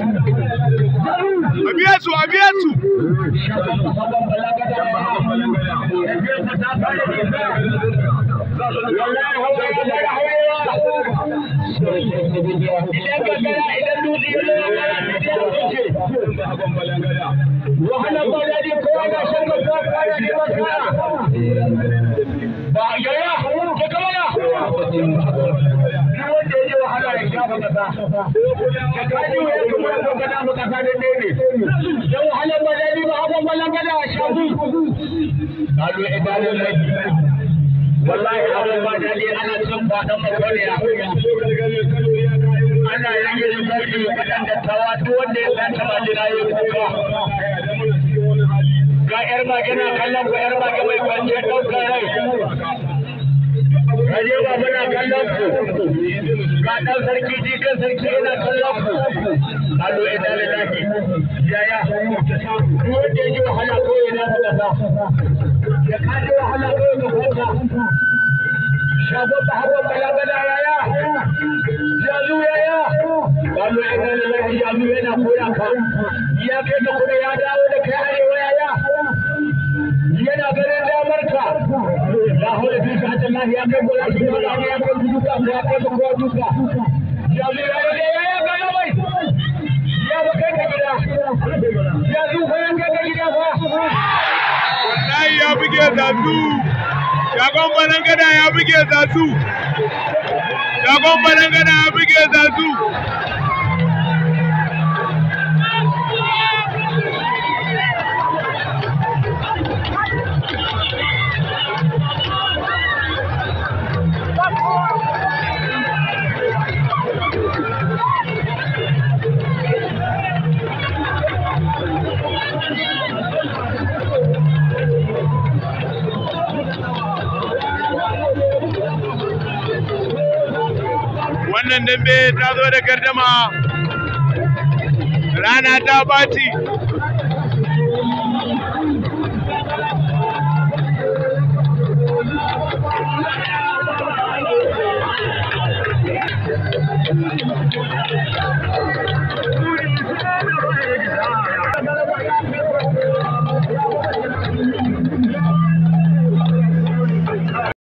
a biya su a biya su wahalar ba da ne kowa ga shan ba za ka yi ba yaya ka kama kaji ya ko kasa da dai da wahalar madani ba a ba ana cin ba dan makware ya ana yanke ga yar magana kallon ko yar magana mai kwanciyar daukar rai Raje ba muna kallon ku. Ga ɗan sarki jikan sarki yana kallon ku. Ado ina da Yaya. Duk wanda ya wahala kawai yana da kasa. Ya kaji wahala kawai ga kasa. Shagon ba hagon bala-bala yaya. Jazu yaya. Ado ina da daki jazu yana koya ka. Ya kai da kuma ya dawo hole fi ka ta lahi ya kai gola shi ya kai ya kai duka ya kai ko duka ya le ya le ya ga na bai ya kai ka gida ya zu ko yan ga gida fa wallahi ya buge zatu shagon balangada ya buge zatu shagon balangada ya buge wannan dambe ta zo da gardama rana ta bati.